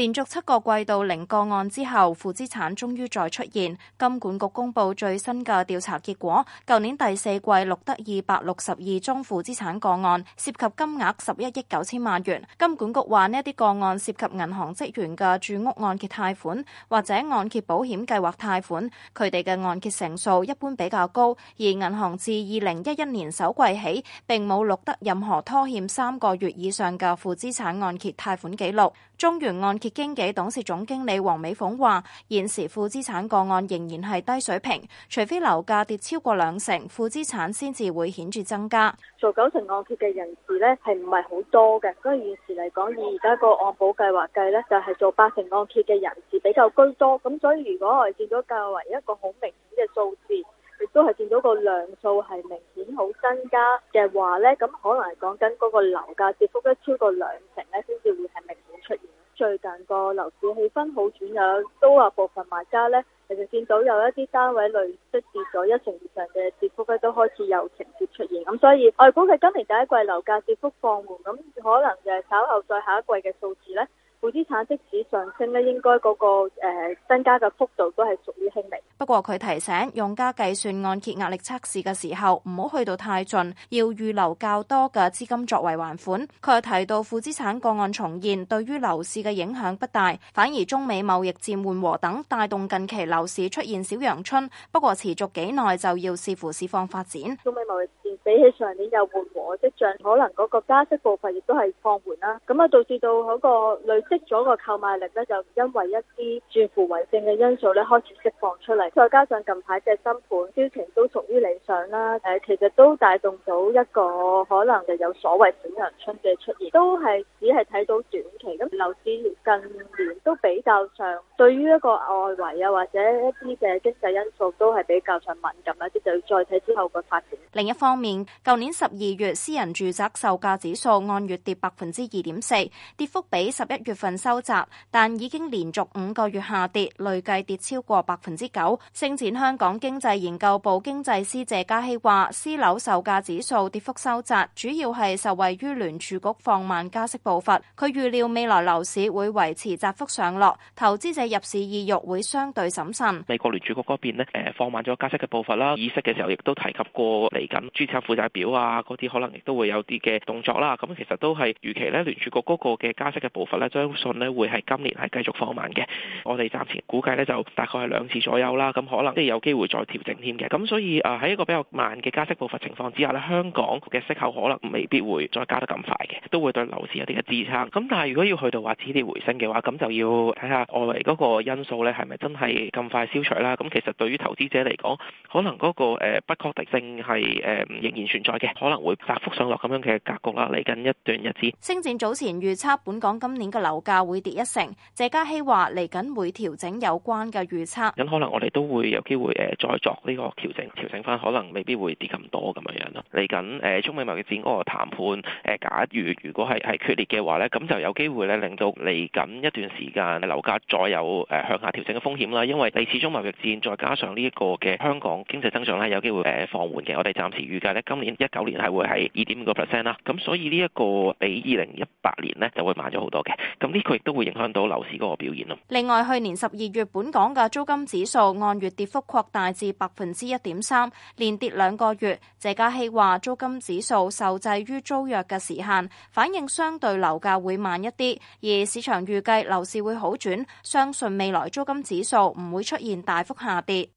連續七個季度零個案之後，負資產終於再出現。金管局公布最新嘅調查結果，舊年第四季錄得二百六十二宗負資產個案，涉及金額十一億九千萬元。金管局話呢一啲個案涉及銀行職員嘅住屋按揭貸款或者按揭保險計劃貸款，佢哋嘅按揭成數一般比較高。而銀行自二零一一年首季起，並冇錄得任何拖欠三個月以上嘅負資產按揭貸款記錄。中原按揭經紀董事總經理黃美鳳話，現時負資產個案仍然係低水平，除非樓價跌超過兩成，負資產先至會顯著增加。做九成按揭嘅人士呢，係唔係好多嘅，所以現時嚟講，以而家個按保計劃計呢，就係、是、做八成按揭嘅人士比較居多。咁所以如果我哋見到較為一個好明顯嘅數字，亦都係見到個量數係明顯好增加嘅話呢，咁可能係講緊嗰個樓價跌幅咧超過兩成呢，先至會係明。最近個樓市氣氛好轉，有都話部分買家咧，其實見到有一啲單位累積跌咗一成以上嘅跌幅咧，都開始有情節出現。咁所以，我估佢今年第一季樓價跌幅放緩，咁可能就係稍後再下一季嘅數字咧。負資產即使上升咧，應該嗰個誒增加嘅幅度都係屬於輕微。不過佢提醒用家計算按揭壓力測試嘅時候，唔好去到太盡，要預留較多嘅資金作為還款。佢又提到負資產個案重現對於樓市嘅影響不大，反而中美貿易戰緩和等帶動近期樓市出現小陽春。不過持續幾耐就要視乎市況發展。比起上年有緩和跡象，可能嗰個加息部分亦都係放緩啦。咁啊，導致到嗰個累積咗個購買力咧，就因為一啲轉負為正嘅因素咧，開始釋放出嚟。再加上近排嘅新盤銷情都屬於理想啦。誒，其實都帶動到一個可能就有所謂小陽春嘅出現，都係只係睇到短期。咁樓市近年都比較上，對於一個外圍啊或者一啲嘅經濟因素都係比較上敏感一啲，就要再睇之後嘅發展。另一方。面，舊年十二月私人住宅售價指數按月跌百分之二點四，跌幅比十一月份收窄，但已經連續五個月下跌，累計跌超過百分之九。星展香港經濟研究部經濟師謝嘉熙話，私樓售價指數跌幅收窄，主要係受惠於聯儲局放慢加息步伐。佢預料未來樓市會維持窄幅上落，投資者入市意欲會相對審慎。美國聯儲局嗰邊呢，誒，放慢咗加息嘅步伐啦，議息嘅時候亦都提及過嚟緊睇負債表啊，嗰啲可能亦都會有啲嘅動作啦。咁其實都係預期咧，聯儲局嗰個嘅加息嘅步伐咧，相信呢會係今年係繼續放慢嘅。我哋暫時估計呢，就大概係兩次左右啦。咁可能即係有機會再調整添嘅。咁所以誒喺、呃、一個比較慢嘅加息步伐情況之下呢，香港嘅息口可能未必會再加得咁快嘅，都會對樓市有啲嘅支撐。咁但係如果要去到話止跌回升嘅話，咁就要睇下外圍嗰個因素呢，係咪真係咁快消除啦。咁其實對於投資者嚟講，可能嗰、嗰個、呃、不確定性係誒。呃仍然存在嘅，可能會窄幅上落咁樣嘅格局啦。嚟緊一段日子，星展早前預測本港今年嘅樓價會跌一成，謝家希話嚟緊會調整有關嘅預測。咁可能我哋都會有機會誒再作呢個調整，調整翻可能未必會跌咁多咁樣樣咯。嚟緊誒中美貿易戰嗰個談判，誒假如如果係係決裂嘅話呢，咁就有機會咧令到嚟緊一段時間樓價再有誒向下調整嘅風險啦。因為你始終貿易戰再加上呢一個嘅香港經濟增長呢，有機會誒放緩嘅。我哋暫時預計。今年一九年係會係二點五個 percent 啦，咁所以呢一個比二零一八年呢就會慢咗好多嘅，咁呢個亦都會影響到樓市嗰個表現咯。另外，去年十二月本港嘅租金指數按月跌幅擴大至百分之一點三，連跌兩個月。謝家熙話：租金指數受制於租約嘅時限，反應相對樓價會慢一啲，而市場預計樓市會好轉，相信未來租金指數唔會出現大幅下跌。